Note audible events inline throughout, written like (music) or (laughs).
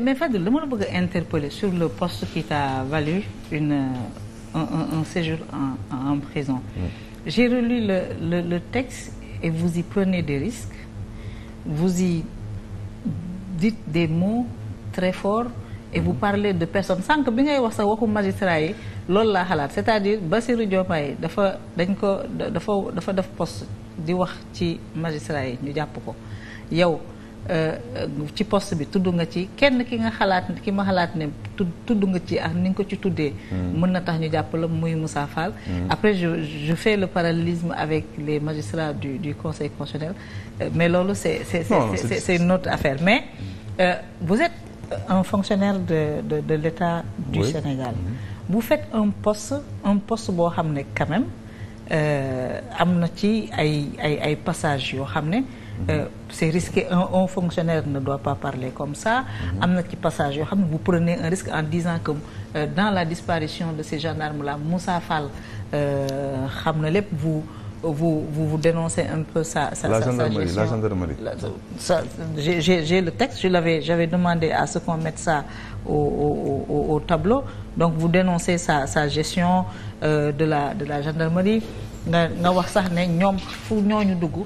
mais Fadil la la bëgg a interpeller sur le post qui t'a valu une un un, séjour en en prison. j'ai relu le le le texte et vous y prenez des risques vous y dites des mots très forts et vous mm-hmm. parlez de personnes sànq bi ngay wax sa waxu magistrat yi loolu laa xalaat c'est-à-dire Bassirou Diomaye dafa dañ ko dafa dafa def post di wax ci magistrat yi ñu jàpp ko yow. Euh, euh, ci post bi tudd nga ci kenn ki nga xalaat ki ma xalaat ne tudd nga ci ak ni nga ko ci tuddee. Hmm. mën na tax ñu jàpp la muy Moussa Fall. Hmm. après je je fais le parallélisme avec les magistrats du du conseil constitutionnel euh, mais loolu c' est c' est c' est c' mais hmm. euh, vous un fonctionnaire de de de l' du Sénégal. bu faites un post un post boo xam ne quand même am na ci ay ay ay passages yoo xam ne. euh, c'est risqué un, un fonctionnaire ne doit pas parler comme ça mhm. am na ci passage yoo xam ne vous prenez un risque en disant que euh, dans la disparition de ces gendarmes là Moussa Fall euh, xam na lépp vous vous vous vous dénoncez un peu sa gendarmerie j'ai le texte je j'avais demandé à ce qu'on mette ça au au au au tableau donc vous dénoncez sa gestion euh, de la de la gendarmerie nga nga wax sax ne ñoom fu ñooñu dugg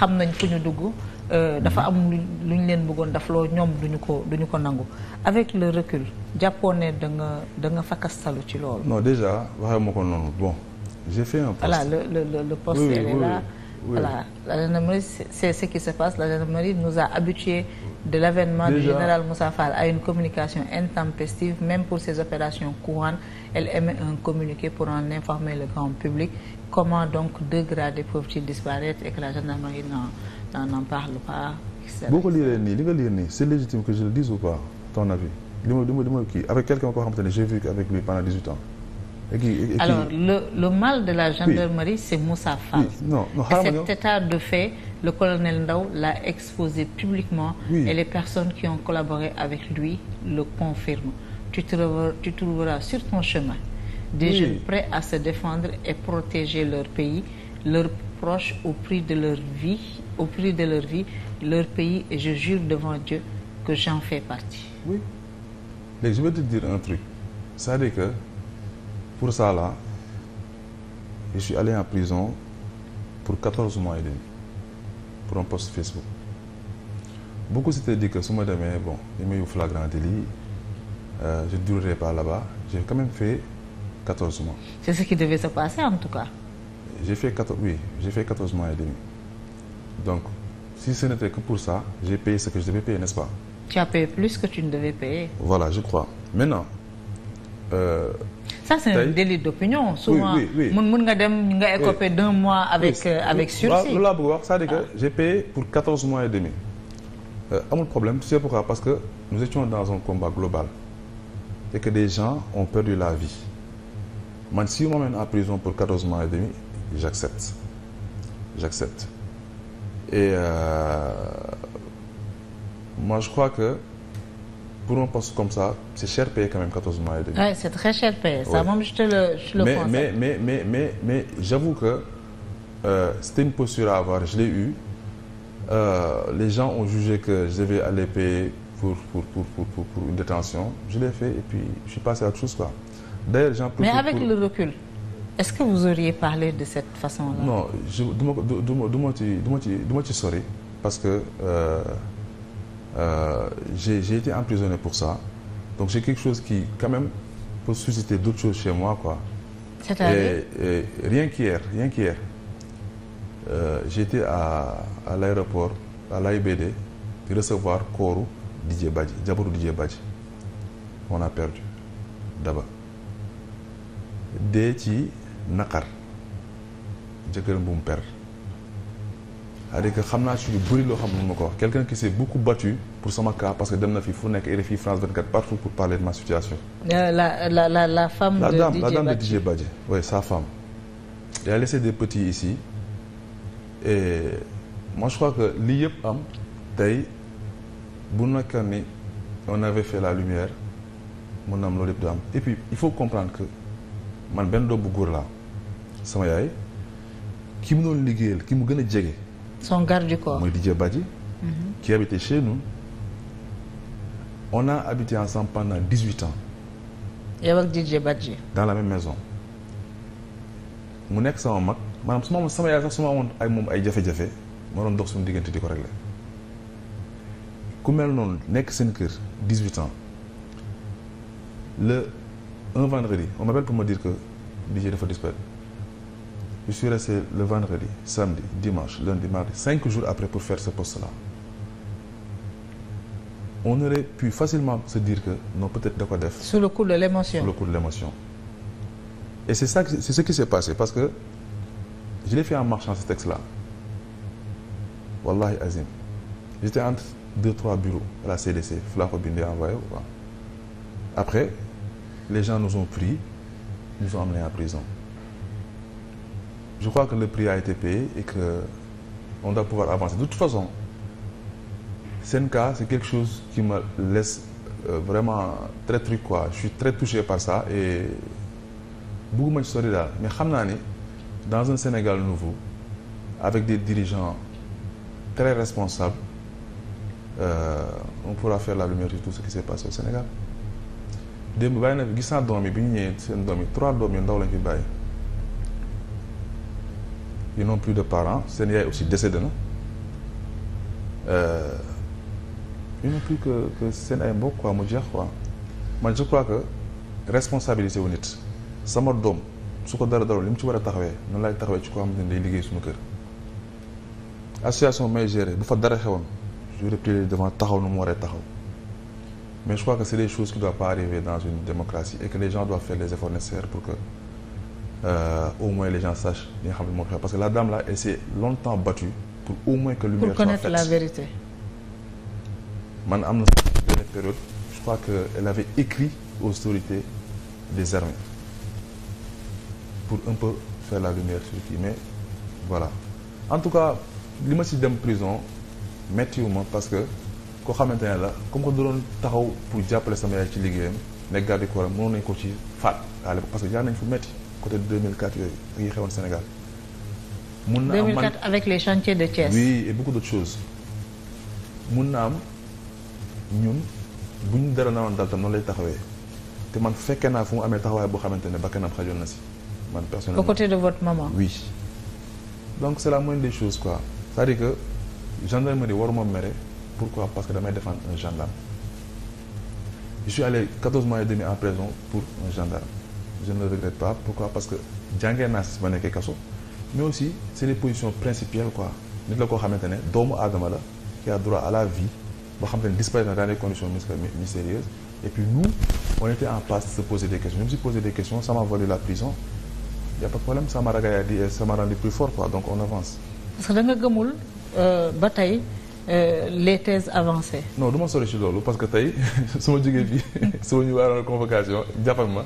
xam nañ fu ñu dugg euh, dafa mhm. am lu ñu leen bëggoon daf loo ñoom duñu ko duñu ko nangu avec le recul jàppoon ne da nga da nga fakkastalu ci loolu non déjà waxee ma ko noonu bon j'ai fait un poste le le le poste oui, elle oui, est là oui. voilà la gendarmerie c'est ce qui se passe la gendarmerie nous a habitués de l'avènement du général Moussa Fall une communication intempestive même pour ses opérations courantes elle émet un communiqué pour en informer le grand public comment donc de gradés peuvent-ils disparaître et que la gendarmerie n'en n'en parle pas. boo ko liiree li nga liir nii c'est je le dise ou pas ton avis li ma li ma li ma kii avec quelqu'un koo xamante ne j'ai vécu avec lui alors le mal de la gendarmerie oui. c'est non non cet état de fait le colonel Ndao l'a exposé publiquement. Oui. et les personnes qui ont collaboré avec lui le confirment. tu trouveras sur ton chemin. des oui. jeunes prêts à se défendre et protéger leur pays, leurs proches au prix de leur vie, au prix de leur vie, leur pays, et je jure devant Dieu que j'en fais partie. Oui. Mais je vais te dire un truc. C'est-à-dire que pour ça là, je suis allé en prison pour 14 mois et demi, pour un post Facebook. Beaucoup s'étaient dit que si je demais, bon, il y a eu flagrant délit, euh, je ne durerai pas là-bas. fait 14 mois. C'est ce qui devait se passer en tout cas. J'ai fait 14, oui, j'ai fait 14 mois et demi. Donc, si ce n'était que pour ça, j'ai payé ce que je devais payer, n'est-ce pas? Tu as payé plus que tu ne devais Voilà, je crois. Maintenant, euh, ça c'est un délit d'opinion souvent mun mun nga dem nga écopé d'un mois avec oui, euh, avec sursis loolu laa bëgg wax c'est-à-dire que ah. j'ai payé pour 14 mois et demi euh, amul problème c'est pourquoi parce que nous étions dans un combat global et que des gens on perdu la vie man si on m'amène en prison pour 14 mois et demi j'accepte j'accepte et euh, moi je crois que pour un poste comme ça c'est cher payé quand même 14 mois et demi. oui c'est très cher payé ça ouais. même je te le je te le mais, conseille. mais mais mais mais mais j'avoue que euh, c'était une posture à avoir je l'ai eu euh, les gens ont jugé que je devais aller payer pour pour pour pour pour, pour une détention je l'ai fait et puis je suis passé à autre chose quoi. d'ailleurs j'en pour... le est-ce que vous auriez parlé de cette façon-là non du ma du du ma ci du ma ci du ci sori parce que euh, euh, j'ai j'ai été emprisonné pour ça donc j'ai quelque chose qui quand même peut susciter d'autres choses chez moi quoi. c'est-à-dire rien qu'hier rien qu'hier euh, à à l'aéroport à l'AIBD di recevoir kooru Didier Badji jabaru Didier Badji on a perdu Daba. dee ci naqar jëkkëram bu mu per cest à xam naa ci lu bëri loo xam ne ma ko wax quelqu'un qui s'est battu pour sama cas parce que dem na fi fu nekk RFI France 24 partout pour parler de ma situation. Euh, la la la la femme. de DJ Badji la dame de DJ sa femme. et moi je crois lii yëpp am tey bu nekkoon la lumière mun na am loolu yëpp du am et puis il faut comprendre que. man benn doom bu góor laa sama yaay ki mu doon liggéeyal ki mu gën a jege. son garde du corps mooy Didier Badji. Mhm. qui habitait chez nous. on a habité ensemble pendant dix huit ans. yow ak Didier Badji. dans la même maison. mu nekk sama mag maanaam su ma amoon sama yaay sax su ma amoon ay moom ay jafe-jafe ma doon dox suñu diggante di ko réglé ku mel noonu nekk seen kër dix huit ans le. en vendredi on m'appelle pour me dire que DJ dafa disparaître je suis resté le vendredi samedi dimanche lundi mardi cinq jours après pour faire ce poste là on aurait pu facilement se dire que non peut-être da ko def. sous le coup de l'émotion le coup de l'émotion et c'est ça c'est ce qui s'est passé parce que je l'ai fait en marchant ce texte là wallahi azim j'étais entre deux trois bureaux à la CDC fa laa ko bindee envoyé quoi après. les gens nous ont pris, nous ont emmenés à prison. Je crois que le pri a été payé et que on doit pouvoir avancer. De toute façon, Senka, c'est quelque chose qui me laisse euh, vraiment très truc quoi. Je suis très touché par ça et bëgguma ci sori daal mais xam naa ni dans un Sénégal nouveau avec des dirigeants très responsables euh, on pourra faire la lumière sur tout ce qui s'est passé au Sénégal. démb bàyyi na gis naa doom yi bi ñu ñëwee seen doom yi trois doom yu ndaw lañ fi bàyyi ils n'ont plus de parent seen yaay aussi décédé na euh, ils n'ont plus que seen ay mbokk quoi mu jeex quoi man je crois que responsabilité wu nit sama doom su ko dara dara li mu ci war a taxawee noonu laay taxawee ci koo xamante ne day liggéey suñu kër association may gérer bu fa dara xewoon je devant taxaw nu mu waree taxaw Mais je crois que c'est des choses qui ne doivent pas dans une démocratie et que les gens doivent les efforts nécessaires pour que euh, au moins les gens sachent Parce que la dame là, elle s'est longtemps battue pour au moins que lumière soit man connaître soit faite. la vérité. période, je crois qu'elle avait écrit aux autorités des armées pour un peu faire la lumière sur qui. Mais voilà. En tout cas, l'image de prison, mettez-moi parce que koo xamante ne la comme que da doon taxaw pour jàppale sama yaay ci liggéeyam nekk garde corps mënoon nañu ko ci faat à l'époque parce que nañ fu metti côté 2004 yooyu yi xewoon Sénégal. mun na am 2004 avec les chantiers de Thiès. oui et beaucoup d'autres choses mun na am ñun buñ dara naroon dal tam lay taxawee te man fekkee naa fu mu amee taxawaay boo xamante ne bakkanam xajoon na si man personnellement. au côté de votre maman. oui donc c'est la moindre des choses quoi c'est-à-dire que gendarmerie waruma mere. pourquoi parce que damay défendre un gendarme je suis allé 14 en prison pour un gendarme je ne le pourquoi parce que jàngee naa si ma nekkee kaso mais aussi c'est des positions principielles quoi nit la koo xamante ne doomu aadama la qui a droit à la vie boo xam ne disparaître na dans des conditions mystérieuses et on était en passe de se poser des questions je me suis posé des questions ça m'a valu la prison y a pas de problème sa m'a ragaillardi et ça Euh, les thèses avancées. non du ma sori ci loolu parce que tey (laughs) su ma jógee fii (laughs) su ñu waroon convocation jàppal ma.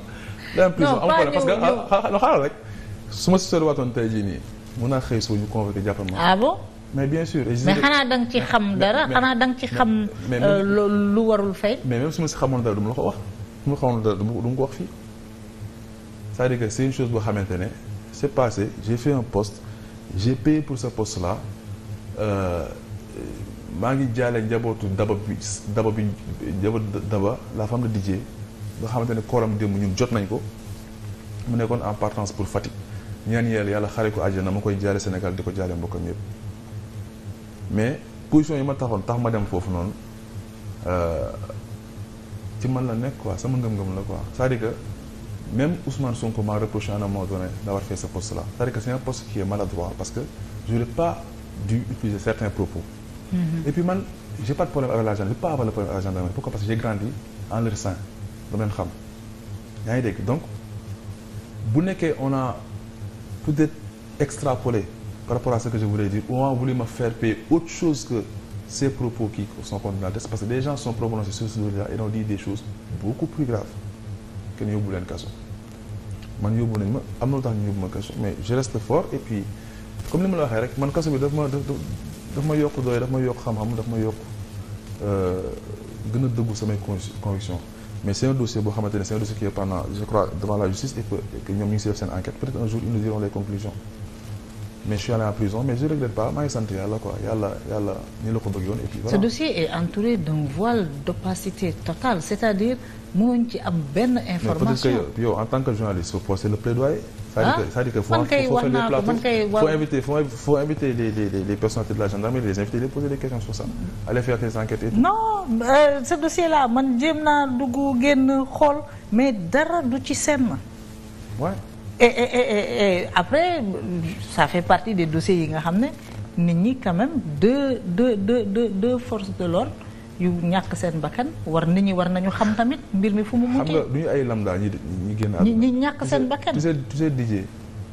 non pas parce que ah, ah, xaaral rek su ma si soriwaatoon tey jii nii mun naa xëy su ma ñu convoqué jàppal ma. ah mais bien sûr. mais xanaa da nga ci xam dara xanaa da nga ci xam. lu warul fay. mais même su ma si xamoon dara du ma ko wax su ma xamoon dara du ko wax fii c'est-à-dire que c'est une chose boo xamante ne c'est passé j'ai fait un poste j'ai payé pour ce poste là. Euh, maa ngi jaale njabootu daba bi daba bi njabootu daba la femme de DJ nga xamante ne kooram démb ñun jot nañ ko mu nekkoon en partance pour Fatick ñaan yàlla yàlla xare ko na ma koy jaale Sénégal di ko jaale mbokkam yëpp mais position yi ma taxoon tax ma dem foofu noonu euh, ci man la nekk quoi sama ngëm-ngëm la quoi c'est-à-dire que même Ousmane Sonko m'a reproché à un moment donné d'avoir fait ce poste là c'est-à-dire que c'est un poste qui est parce que j'aurais et puis man j'ai pas de problème avec la gendarmerie pas avoir le problème avec la gendarmerie pourquoi parce que j'ai grandi en leur sein dama leen xam yaa ngi dégg donc bu nekkee on a peut-être extrapolé par rapport à ce que je voulais dire on a voulu me faire payer autre chose que ces propos qui sont contre la parce que des gens sont prononcés sur ce sujet-là et ont dit des choses beaucoup plus graves que ñu yóbbu leen kaso man yóbbu nañ ma am na lu tax ñu yóbbu ma kaso mais je reste fort et puis comme ni ma la waxee rek man kaso bi daf ma daf daf ma yokk doole daf ma yokk xam-xam daf ma yokk euh, gën a dëggu samay conviction mais c'est un boo xamante ne c'est un dossier qui pendant je crois devant la justice et que ñoom ñu seen enquête peut un jour ils nous les conclusions mais je suis allé en prison mais je ne regrette pas maa ngi sant yàlla quoi yàlla yàlla ni la ko bëgg yoon et puis voilà. ce dossier est entouré d'un voile d'opacité totale c'est-à-dire mënuñ ci am benn information. mais peut-être que yow en tant que journaliste faut poser le plaidoyer. ah c'est-à-dire que faut faut de la gendarmerie les inviter les poser des questions sur ça. aller faire des enquêtes et tout. non euh, ce dossier là man jéem naa dugg génn xool dara du ci seen. Eh, eh, eh, après ça fait partie des dossiers yi nga xam ne nit ñi quand de de de de deux deux forces de l'ordre yu ñàkk seen bakkan war nit ñi war nañu xam tamit mbir mi fu mu mujjee. xam nga du ñu ay lambda ñi ñi génn ñi ñi ñàkk seen bakkan tu sais tu sais DJ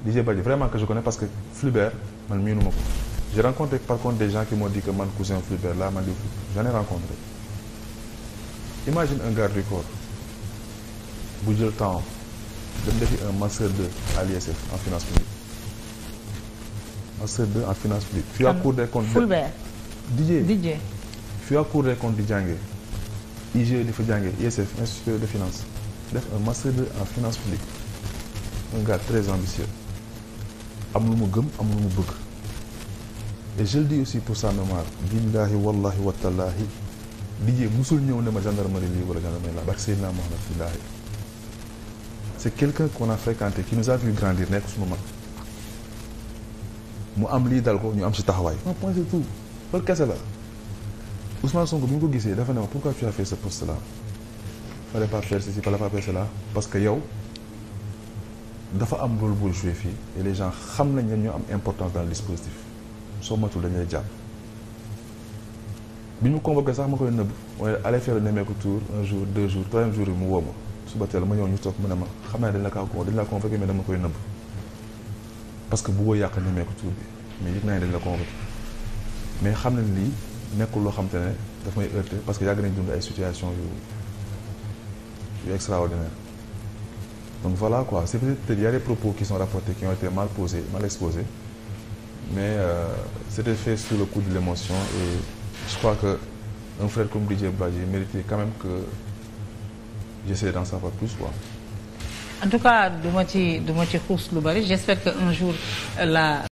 DJ Badji vraiment que ko connais parce que Flubert man miinu ko. j'ai rencontré par contre des gens qui m'ont dit man cousin Flubert laa man di j'en ai rencontré imagine un garde du corps bu jël temps dem defi un master 2 à l'ISF en finance publique master 2 en finance publique. fii ak cour des comptes Fulbert. Didier Didier. di jàngee IGE fa jàngee ISF institut de finance def un master 2 en finance publique un gars très ambitieux am lu mu gëm am lu mu bëgg. et je aussi pour sa mémoire billahi wallahi watallahi Didier musul ñëw ne ma gendarmerie lii wala gendarmerie laa barke Seydina Mohamed billahi c'est quelqu'un qu'on a fréquenté ki nous a vu grandir nekk suñu mag mu am lii dal ko ñu am si taxawaay un point tout loolu kese la Ousmane Sonko bi ñu ko gisee dafa ne ma pourquoi tu as fait ce poste là fallait pas parce que yow dafa am rôle bul joué fii et les gens xam nañ ne ñoo am importance dans le dispositif soo matul dañu lay jàpp bi ñu convoqué sax ma koy nëbb mooy aller faire le nemmeeku tour un jour deux jours troisième jour yi mu woo suba teel ma ñëw ñu toog mu ne ma xam naa dañ la kaa dañ la convoqué mais dama koy nëbb parce que bëggoo yàq ñemee ko tur bi mais yëg naa ne dañ la convoqué mais xam nañ lii nekkul loo xam ne daf may heurté parce que yàgg nañ dund ay situation yu yu extraordinaire donc voilà quoi c'est peut-être y a des propos qui sont rapportés qui ont mal posés mal exposés mais euh, c'était fait sous le coup de l'émotion et je crois que un frère comme j'essaie d'en savoir plus quoi. en tout cas du ma ci du ma ci xuus lu bari j'espère que un jour la.